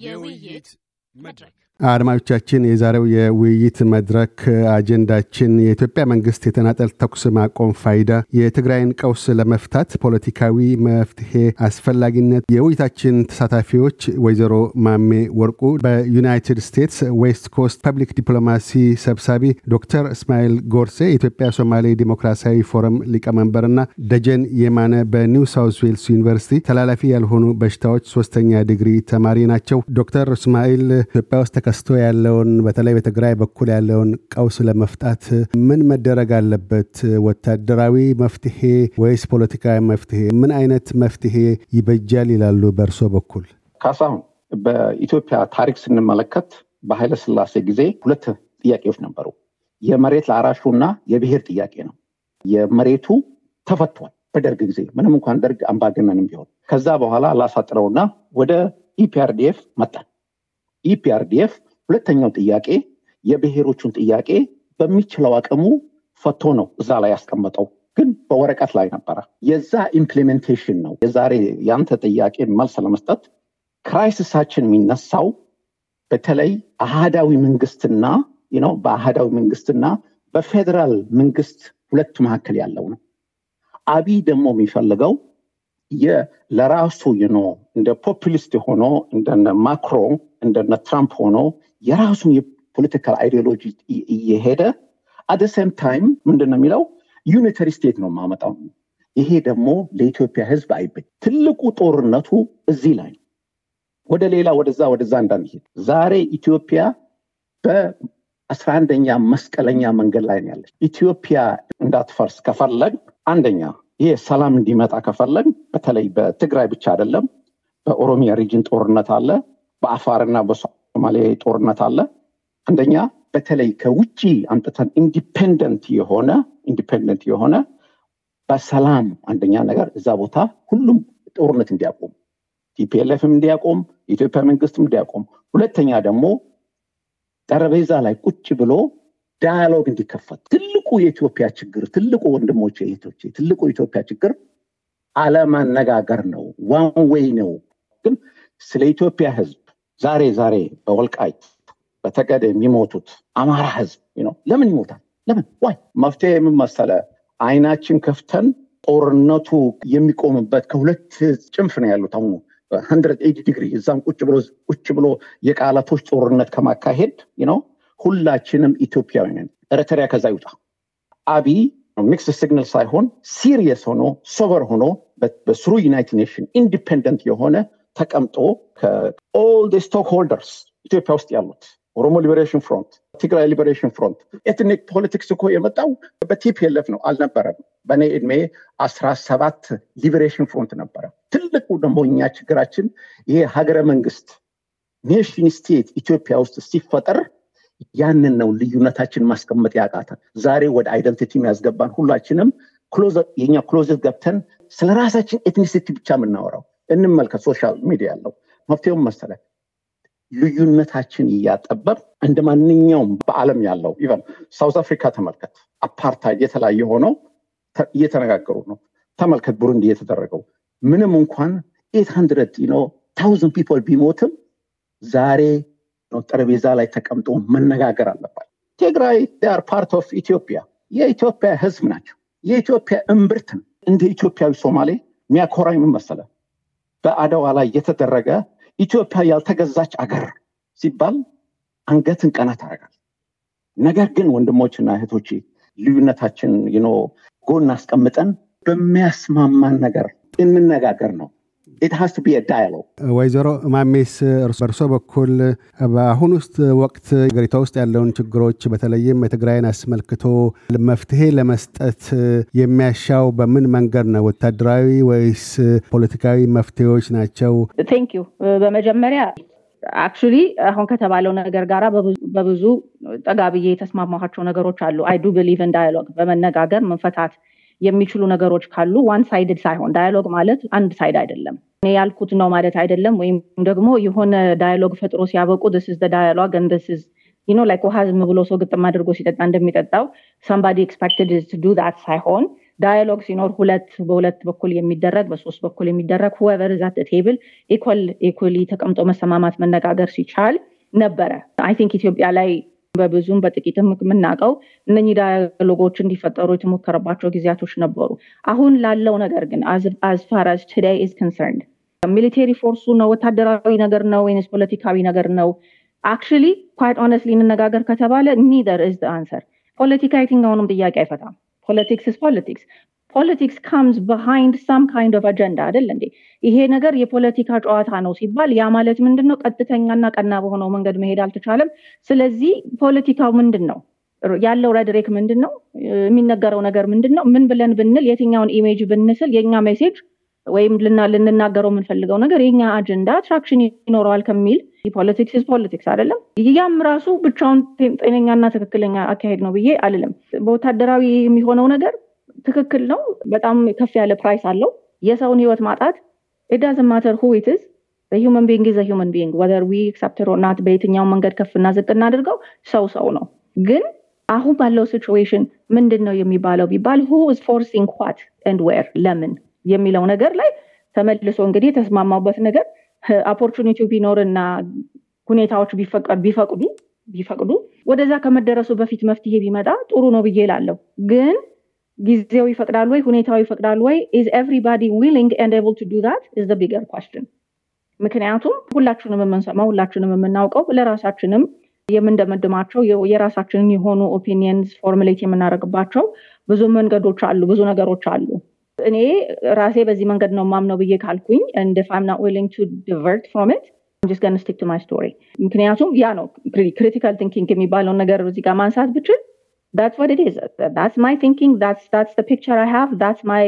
year-we-year metric. አድማጮቻችን የዛሬው የውይይት መድረክ አጀንዳችን የኢትዮጵያ መንግስት የተናጠል ተኩስ ማቆም ፋይዳ፣ የትግራይን ቀውስ ለመፍታት ፖለቲካዊ መፍትሄ አስፈላጊነት። የውይይታችን ተሳታፊዎች ወይዘሮ ማሜ ወርቁ በዩናይትድ ስቴትስ ዌስት ኮስት ፐብሊክ ዲፕሎማሲ ሰብሳቢ፣ ዶክተር እስማኤል ጎርሴ የኢትዮጵያ ሶማሌ ዲሞክራሲያዊ ፎረም ሊቀመንበርና ደጀን የማነ በኒው ሳውዝ ዌልስ ዩኒቨርሲቲ ተላላፊ ያልሆኑ በሽታዎች ሶስተኛ ዲግሪ ተማሪ ናቸው። ዶክተር እስማኤል ኢትዮጵያ ውስጥ ተከስቶ ያለውን በተለይ በትግራይ በኩል ያለውን ቀውስ ለመፍጣት ምን መደረግ አለበት? ወታደራዊ መፍትሄ ወይስ ፖለቲካዊ መፍትሄ? ምን አይነት መፍትሄ ይበጃል ይላሉ በእርሶ በኩል? ካሳሁን፣ በኢትዮጵያ ታሪክ ስንመለከት በኃይለ ስላሴ ጊዜ ሁለት ጥያቄዎች ነበሩ። የመሬት ለአራሹ እና የብሔር ጥያቄ ነው። የመሬቱ ተፈቷል በደርግ ጊዜ ምንም እንኳን ደርግ አምባገነንም ቢሆን። ከዛ በኋላ ላሳጥረውና ወደ ኢፒአርዲኤፍ መጣን። ኢፒአርዲኤፍ ሁለተኛው ጥያቄ የብሔሮቹን ጥያቄ በሚችለው አቅሙ ፈቶ ነው እዛ ላይ ያስቀመጠው ግን በወረቀት ላይ ነበረ የዛ ኢምፕሊሜንቴሽን ነው የዛሬ ያንተ ጥያቄ መልስ ለመስጠት ክራይሲሳችን የሚነሳው በተለይ አህዳዊ መንግስትና ነው በአህዳዊ መንግስትና በፌዴራል መንግስት ሁለቱ መካከል ያለው ነው አቢ ደግሞ የሚፈልገው ለራሱ ነው እንደ ፖፕሊስት የሆነ እንደ ማክሮ እንደነ ትራምፕ ሆኖ የራሱን የፖለቲካል አይዲዮሎጂ እየሄደ አደሴም ታይም ምንድን ነው የሚለው ዩኒተሪ ስቴት ነው ማመጣው ይሄ ደግሞ ለኢትዮጵያ ህዝብ አይበጅ ትልቁ ጦርነቱ እዚህ ላይ ወደ ሌላ ወደዛ ወደዛ እንዳንሄድ ዛሬ ኢትዮጵያ በአስራ አንደኛ መስቀለኛ መንገድ ላይ ነው ያለች ኢትዮጵያ እንዳትፈርስ ከፈለግ አንደኛ ይሄ ሰላም እንዲመጣ ከፈለግ በተለይ በትግራይ ብቻ አይደለም በኦሮሚያ ሪጅን ጦርነት አለ በአፋርና በሶማሌ ጦርነት አለ። አንደኛ በተለይ ከውጭ አምጥተን ኢንዲፔንደንት የሆነ ኢንዲፔንደንት የሆነ በሰላም አንደኛ ነገር እዛ ቦታ ሁሉም ጦርነት እንዲያቆም ቲፒኤልኤፍም እንዲያቆም የኢትዮጵያ መንግስትም እንዲያቆም፣ ሁለተኛ ደግሞ ጠረጴዛ ላይ ቁጭ ብሎ ዳያሎግ እንዲከፈት ትልቁ የኢትዮጵያ ችግር ትልቁ ወንድሞች ቶች ትልቁ የኢትዮጵያ ችግር አለመነጋገር ነው። ዋን ዌይ ነው። ግን ስለ ኢትዮጵያ ህዝብ ዛሬ ዛሬ በወልቃይት በተገደ የሚሞቱት አማራ ህዝብ ነው። ለምን ይሞታል? ለምን ዋይ? መፍትሄ የምመሰለ አይናችን ከፍተን ጦርነቱ የሚቆምበት ከሁለት ጭንፍ ነው ያሉት አሁኑ ሀንድረድ ኤይት ዲግሪ እዛም ቁጭ ብሎ ቁጭ ብሎ የቃላቶች ጦርነት ከማካሄድ ነው ሁላችንም ኢትዮጵያውያን ኤርትራ ከዛ ይውጣ። አብይ ሚክስ ሲግናል ሳይሆን ሲሪየስ ሆኖ ሶበር ሆኖ በስሩ ዩናይትድ ኔሽን ኢንዲፔንደንት የሆነ ተቀምጦ ከኦል ስቶክ ሆልደርስ ኢትዮጵያ ውስጥ ያሉት ኦሮሞ ሊበሬሽን ፍሮንት፣ ትግራይ ሊበሬሽን ፍሮንት። ኤትኒክ ፖለቲክስ እኮ የመጣው በቲፒኤልኤፍ ነው አልነበረም። በእኔ እድሜ አስራ ሰባት ሊበሬሽን ፍሮንት ነበረ። ትልቁ ደግሞ እኛ ችግራችን ይሄ ሀገረ መንግስት ኔሽን ስቴት ኢትዮጵያ ውስጥ ሲፈጠር ያንን ነው ልዩነታችን ማስቀመጥ ያቃተ ዛሬ ወደ አይደንቲቲ የሚያስገባን ሁላችንም የኛ ክሎዘት ገብተን ስለ ራሳችን ኤትኒሲቲ ብቻ የምናወራው እንመልከት። ሶሻል ሚዲያ ያለው መፍትሄውም መሰለ ልዩነታችን እያጠበር እንደ ማንኛውም በአለም ያለው ኢቨን ሳውት አፍሪካ ተመልከት፣ አፓርታይድ የተለያየ ሆነው እየተነጋገሩ ነው። ተመልከት ቡሩንዲ እየተደረገው ምንም እንኳን ኤት ሀንድረድ ነው ታውዝንድ ፒፖል ቢሞትም ዛሬ ጠረጴዛ ላይ ተቀምጦ መነጋገር አለባል ትግራይ ር ፓርት ኦፍ ኢትዮጵያ የኢትዮጵያ ህዝብ ናቸው። የኢትዮጵያ እምብርት እንደ ኢትዮጵያዊ ሶማሌ የሚያኮራኝ ምን መሰለህ በአደዋ ላይ የተደረገ ኢትዮጵያ ያልተገዛች አገር ሲባል አንገትን ቀና ታደርጋል። ነገር ግን ወንድሞችና እህቶች ልዩነታችን ጎን አስቀምጠን በሚያስማማን ነገር እንነጋገር ነው። ወይዘሮ ማሜስ በእርሶ በኩል በአሁን ውስጥ ወቅት ሀገሪቷ ውስጥ ያለውን ችግሮች በተለይም የትግራይን አስመልክቶ መፍትሄ ለመስጠት የሚያሻው በምን መንገድ ነው? ወታደራዊ ወይስ ፖለቲካዊ መፍትሄዎች ናቸው? ቴንክ ዩ በመጀመሪያ አክቹሊ አሁን ከተባለው ነገር ጋር በብዙ ጠጋ ብዬ የተስማማኋቸው ነገሮች አሉ። አይ ዱ ብሊቭ ኢን ዳያሎግ በመነጋገር መፈታት የሚችሉ ነገሮች ካሉ ዋን ሳይድድ ሳይሆን ዳያሎግ ማለት አንድ ሳይድ አይደለም እኔ ያልኩት ነው ማለት አይደለም ወይም ደግሞ የሆነ ዳያሎግ ፈጥሮ ሲያበቁ ስ ዳያሎግ ንስ ኖ ላይክ ውሃ ዝም ብሎ ሰው ግጥም አድርጎ ሲጠጣ እንደሚጠጣው ሳምባዲ ኤክስፐክትድ ቱ ዱ ት ሳይሆን ዳያሎግ ሲኖር ሁለት በሁለት በኩል የሚደረግ በሶስት በኩል የሚደረግ ሁቨር ዛት ቴብል ኢኮል ኢኮሊ ተቀምጦ መሰማማት መነጋገር ሲቻል ነበረ አይ ቲንክ ኢትዮጵያ ላይ በብዙም በጥቂትም የምናውቀው እነኚህ ዳያሎጎች እንዲፈጠሩ የተሞከረባቸው ጊዜያቶች ነበሩ። አሁን ላለው ነገር ግን አዝፋራዝ ቱዴይ ኢዝ ኮንሰርንድ ሚሊቴሪ ፎርሱ ነው ወታደራዊ ነገር ነው ወይስ ፖለቲካዊ ነገር ነው? አክቹዋሊ ኳይት ኦነስትሊ እንነጋገር ከተባለ ኒደር ኢዝ አንሰር። ፖለቲካ የትኛውንም ጥያቄ አይፈታም። ፖለቲክስ ኢዝ ፖለቲክስ ፖለቲክስ ካምስ በሃይንድ ሳም ካይንድ ኦፍ አጀንዳ አይደል እንዴ? ይሄ ነገር የፖለቲካ ጨዋታ ነው ሲባል ያ ማለት ምንድን ነው? ቀጥተኛና ቀና በሆነው መንገድ መሄድ አልተቻለም። ስለዚህ ፖለቲካው ምንድን ነው? ያለው ረድሬክ ምንድን ነው? የሚነገረው ነገር ምንድን ነው? ምን ብለን ብንል፣ የትኛውን ኢሜጅ ብንስል የኛ ሜሴጅ ወይም ልንናገረው የምንፈልገው ነገር የኛ አጀንዳ ትራክሽን ይኖረዋል ከሚል ፖለቲክስ ፖለቲክስ አይደለም። ያም ራሱ ብቻውን ጤነኛና ትክክለኛ አካሄድ ነው ብዬ አልልም። በወታደራዊ የሚሆነው ነገር ትክክል ነው። በጣም ከፍ ያለ ፕራይስ አለው። የሰውን ህይወት ማጣት ኢዳዝን ማተር ሁ ኢትዝ ሂውመን ቢንግ ዘ ሂውመን ቢንግ ወደር ዊ አክሰፕት ናት፣ በየትኛው መንገድ ከፍና ዝቅ እናድርገው፣ ሰው ሰው ነው። ግን አሁን ባለው ሲትዌሽን ምንድን ነው የሚባለው ቢባል ሁ ኢዝ ፎርሲንግ ዋት ኤንድ ዌር ለምን የሚለው ነገር ላይ ተመልሶ እንግዲህ የተስማማበት ነገር ቢኖር ቢኖርና ሁኔታዎች ቢፈቅዱ ቢፈቅዱ ወደዛ ከመደረሱ በፊት መፍትሄ ቢመጣ ጥሩ ነው ብዬ ላለው ግን ጊዜው ይፈቅዳል ወይ ሁኔታው ይፈቅዳል ወይ ኢዝ ኤቭሪባዲ ዊሊንግ ኤንድ ኤብል ቱ ዱ ዛት ኢዝ ዘ ቢገር ኳስችን ምክንያቱም ሁላችንም የምንሰማ ሁላችንም የምናውቀው ለራሳችንም የምንደመድማቸው የራሳችንን የሆኑ ኦፒኒየንስ ፎርሙሌት የምናደርግባቸው ብዙ መንገዶች አሉ ብዙ ነገሮች አሉ እኔ ራሴ በዚህ መንገድ ነው ማምነው ብዬ ካልኩኝ እንደ ፋም ና ዊሊንግ ቱ ዲቨርት ፍሮም ኢት ስቲክ ቱ ማይ ስቶሪ ምክንያቱም ያ ነው ክሪቲካል ቲንኪንግ የሚባለውን ነገር እዚህ ጋር ማንሳት ብችል that's what it is that's my thinking that's that's the picture i have that's my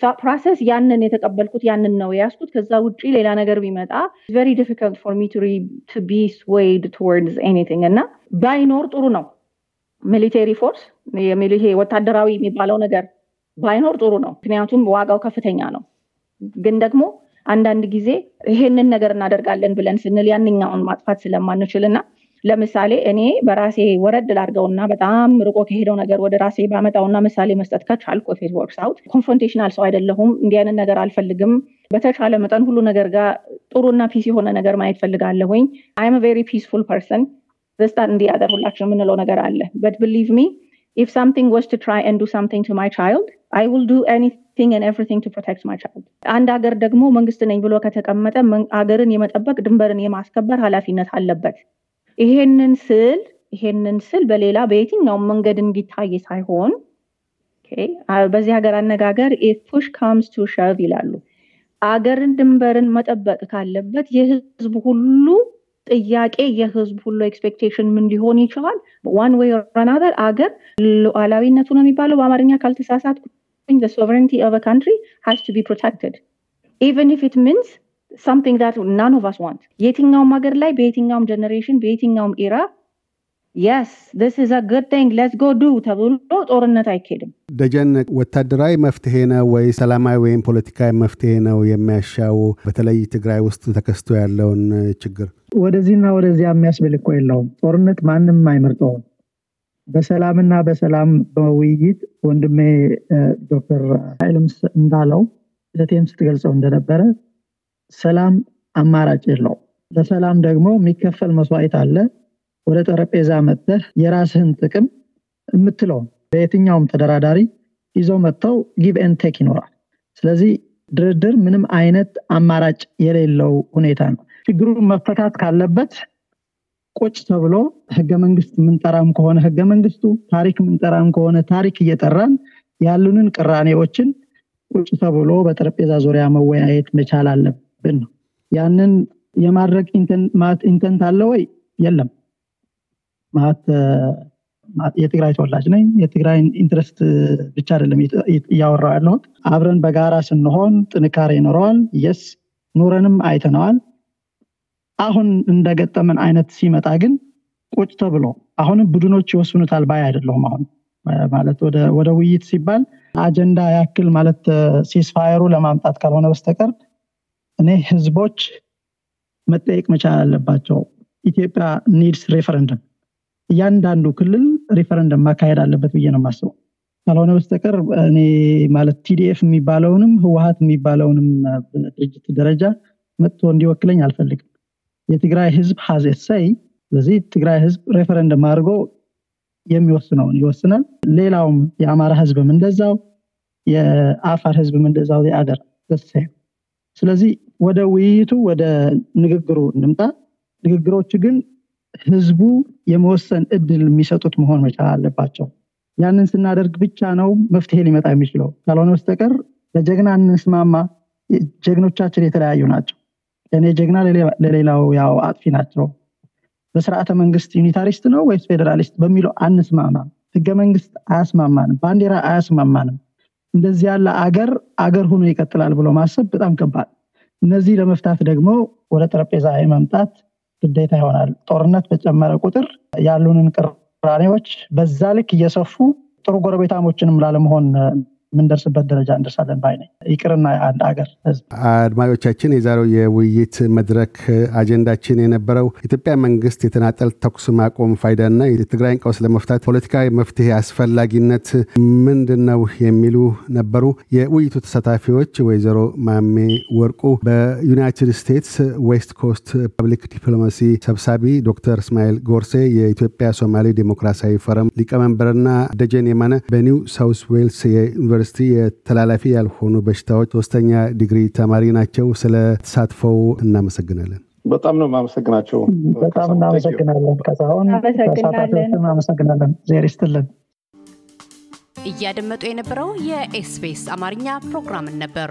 thought process ያንን የተቀበልኩት ያንን ነው ያስኩት ከዛ ውጪ ሌላ ነገር ቢመጣ it's very difficult for me to to be swayed towards anything እና ባይኖር ጥሩ military force የሚሊቴሪ ወታደራዊ የሚባለው ነገር ባይኖር ጥሩ ነው ምክንያቱም ዋጋው ከፍተኛ ነው ግን ደግሞ አንዳንድ ጊዜ ይሄንን ነገር እናደርጋለን ብለን ስንል ያንኛውን ማጥፋት ስለማንችል እና ለምሳሌ እኔ በራሴ ወረድ ላድርገውና በጣም ርቆ ከሄደው ነገር ወደ ራሴ ባመጣውና ምሳሌ መስጠት ከቻልኩ ፌት ወርክስ አውት ኮንፍሮንቴሽናል ሰው አይደለሁም። እንዲህ አይነት ነገር አልፈልግም። በተቻለ መጠን ሁሉ ነገር ጋር ጥሩና ፒስ የሆነ ነገር ማየት ፈልጋለሁኝ። አይም ቬሪ ፒስፉል ፐርሰን ዘስታን እንዲህ ያደር ሁላችን የምንለው ነገር አለ በት ብሊቭ ሚ if something ወስ to try and do something to my child i will አንድ ሀገር ደግሞ መንግስት ነኝ ብሎ ከተቀመጠ አገርን የመጠበቅ ድንበርን የማስከበር ኃላፊነት አለበት ይሄንን ስል ይሄንን ስል በሌላ በየትኛውም መንገድ እንዲታይ ሳይሆን በዚህ ሀገር አነጋገር ፑሽ ካምስ ቱ ሸቭ ይላሉ። አገርን ድንበርን መጠበቅ ካለበት የህዝብ ሁሉ ጥያቄ የህዝብ ሁሉ ኤክስፔክቴሽን ምን ሊሆን ይችላል? ዋን ወይ ረናዘር አገር ሉዓላዊነቱ ነው የሚባለው በአማርኛ ካልተሳሳትኩኝ ሶቨሬንቲ ኦፍ ካንትሪ ሃስ ቱ ቢ ፕሮቴክትድ ኢቨን ኢፍ ኢት ሚንስ ሳምቲንግ ዛት ናን ኦፍ አስ ዋንት የትኛውም ሀገር ላይ በየትኛውም ጀኔሬሽን በየትኛውም ኢራ የስ ስ ዘ ጉድ ቲንግ ሌትስ ጎ ዱ ተብሎ ጦርነት አይካሄድም። ደጀን ወታደራዊ መፍትሄ ነው ወይ ሰላማዊ ወይም ፖለቲካዊ መፍትሄ ነው የሚያሻው? በተለይ ትግራይ ውስጥ ተከስቶ ያለውን ችግር ወደዚህና ወደዚያ የሚያስብል እኮ የለውም። ጦርነት ማንም አይመርጠውም። በሰላምና በሰላም በውይይት ወንድሜ ዶክተር ኃይልም እንዳለው ለቴም ስትገልጸው እንደነበረ ሰላም አማራጭ የለው ለሰላም ደግሞ የሚከፈል መስዋዕት አለ ወደ ጠረጴዛ መጥተህ የራስህን ጥቅም የምትለው በየትኛውም ተደራዳሪ ይዘው መጥተው ጊቭ ቴክ ይኖራል ስለዚህ ድርድር ምንም አይነት አማራጭ የሌለው ሁኔታ ነው ችግሩን መፈታት ካለበት ቁጭ ተብሎ ህገ መንግስት ምንጠራም ከሆነ ህገ መንግስቱ ታሪክ ምንጠራም ከሆነ ታሪክ እየጠራን ያሉንን ቅራኔዎችን ቁጭ ተብሎ በጠረጴዛ ዙሪያ መወያየት መቻል አለብን ያለብን ነው ያንን የማድረግ ኢንተንት አለ ወይ የለም የትግራይ ተወላጅ ነኝ የትግራይ ኢንትረስት ብቻ አይደለም እያወራው ያለሁት አብረን በጋራ ስንሆን ጥንካሬ ይኖረዋል የስ ኑረንም አይተነዋል አሁን እንደገጠመን አይነት ሲመጣ ግን ቁጭ ተብሎ አሁንም ቡድኖች ይወስኑታል ባይ አይደለሁም አሁን ማለት ወደ ውይይት ሲባል አጀንዳ ያክል ማለት ሲስፋየሩ ለማምጣት ካልሆነ በስተቀር እኔ ህዝቦች መጠየቅ መቻል አለባቸው ኢትዮጵያ ኒድስ ሬፈረንደም እያንዳንዱ ክልል ሬፈረንደም ማካሄድ አለበት ብዬ ነው የማስበው ካልሆነ በስተቀር እኔ ማለት ቲዲኤፍ የሚባለውንም ህወሀት የሚባለውንም ድርጅት ደረጃ መጥቶ እንዲወክለኝ አልፈልግም የትግራይ ህዝብ ሀዘት ሰይ ስለዚህ ትግራይ ህዝብ ሬፈረንደም አድርጎ የሚወስነውን ይወስናል ሌላውም የአማራ ህዝብም እንደዛው የአፋር ህዝብም እንደዛው የአደር ስለዚህ ወደ ውይይቱ ወደ ንግግሩ እንምጣ። ንግግሮች ግን ህዝቡ የመወሰን እድል የሚሰጡት መሆን መቻል አለባቸው። ያንን ስናደርግ ብቻ ነው መፍትሄ ሊመጣ የሚችለው። ካልሆነ በስተቀር ለጀግና እንስማማ፣ ጀግኖቻችን የተለያዩ ናቸው። ለእኔ ጀግና ለሌላው ያው አጥፊ ናቸው። በስርዓተ መንግስት ዩኒታሪስት ነው ወይስ ፌዴራሊስት በሚለው አንስማማ። ህገ መንግስት አያስማማንም፣ ባንዲራ አያስማማንም። እንደዚህ ያለ አገር አገር ሆኖ ይቀጥላል ብሎ ማሰብ በጣም ከባድ እነዚህ ለመፍታት ደግሞ ወደ ጠረጴዛ መምጣት ግዴታ ይሆናል። ጦርነት በጨመረ ቁጥር ያሉንን ቅራኔዎች በዛ ልክ እየሰፉ ጥሩ ጎረቤታሞችንም ላለመሆን የምንደርስበት ደረጃ እንደርሳለን ባይ ነኝ። ይቅርና አንድ አገር ህዝብ። አድማጮቻችን፣ የዛሬው የውይይት መድረክ አጀንዳችን የነበረው ኢትዮጵያ መንግስት የተናጠል ተኩስ ማቆም ፋይዳና የትግራይን ቀውስ ለመፍታት ፖለቲካዊ መፍትሄ አስፈላጊነት ምንድን ነው የሚሉ ነበሩ። የውይይቱ ተሳታፊዎች ወይዘሮ ማሜ ወርቁ በዩናይትድ ስቴትስ ዌስት ኮስት ፐብሊክ ዲፕሎማሲ ሰብሳቢ፣ ዶክተር እስማኤል ጎርሴ የኢትዮጵያ ሶማሌ ዴሞክራሲያዊ ፎረም ሊቀመንበርና ደጀን የማነ በኒው ሳውስ ዌልስ የዩኒቨር ዩኒቨርሲቲ የተላላፊ ያልሆኑ በሽታዎች ሶስተኛ ዲግሪ ተማሪ ናቸው። ስለ ተሳትፈው እናመሰግናለን። በጣም ነው ማመሰግናቸው። በጣም እናመሰግናለን። ከሳሁን ተሳታፊዎችም አመሰግናለን። ዜር ይስጥልን። እያደመጡ የነበረው የኤስፔስ አማርኛ ፕሮግራምን ነበር።